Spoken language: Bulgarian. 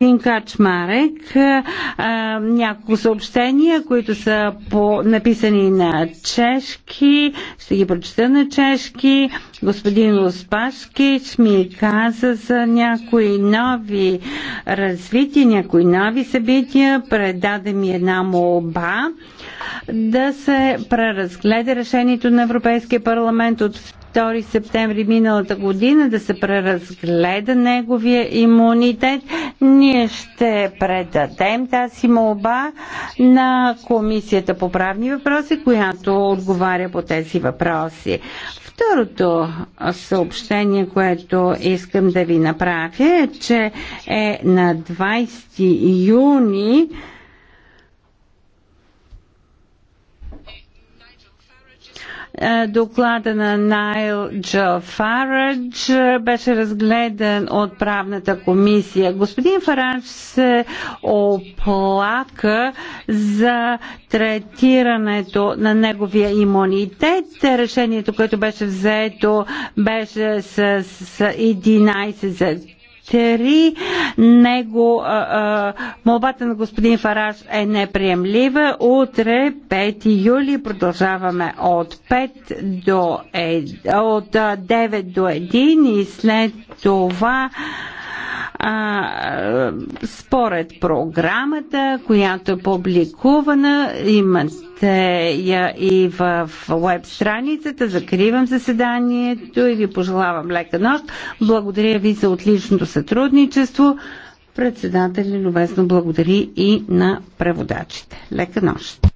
Господин Качмарек, няколко съобщения, които са по, написани на чешки, ще ги прочета на чешки. Господин Успашкич ми каза за някои нови развития, някои нови събития. Предаде ми една молба да се преразгледа решението на Европейския парламент от 2 септември миналата година да се преразгледа неговия имунитет. Ние ще предадем тази молба на Комисията по правни въпроси, която отговаря по тези въпроси. Второто съобщение, което искам да ви направя е, че е на 20 юни Е, доклада на Найл Джо Фарадж беше разгледан от правната комисия. Господин Фарадж се оплака за третирането на неговия имунитет. Решението, което беше взето, беше с 11 за цари Него молбата на господин Фараж е неприемлива. Утре, 5 юли, продължаваме от 5 до 1, е, от 9 до 1 и след това а, според програмата, която е публикувана, имате я и в веб страницата. Закривам заседанието и ви пожелавам лека нощ. Благодаря ви за отличното сътрудничество. Председателя любезно благодари и на преводачите. Лека нощ!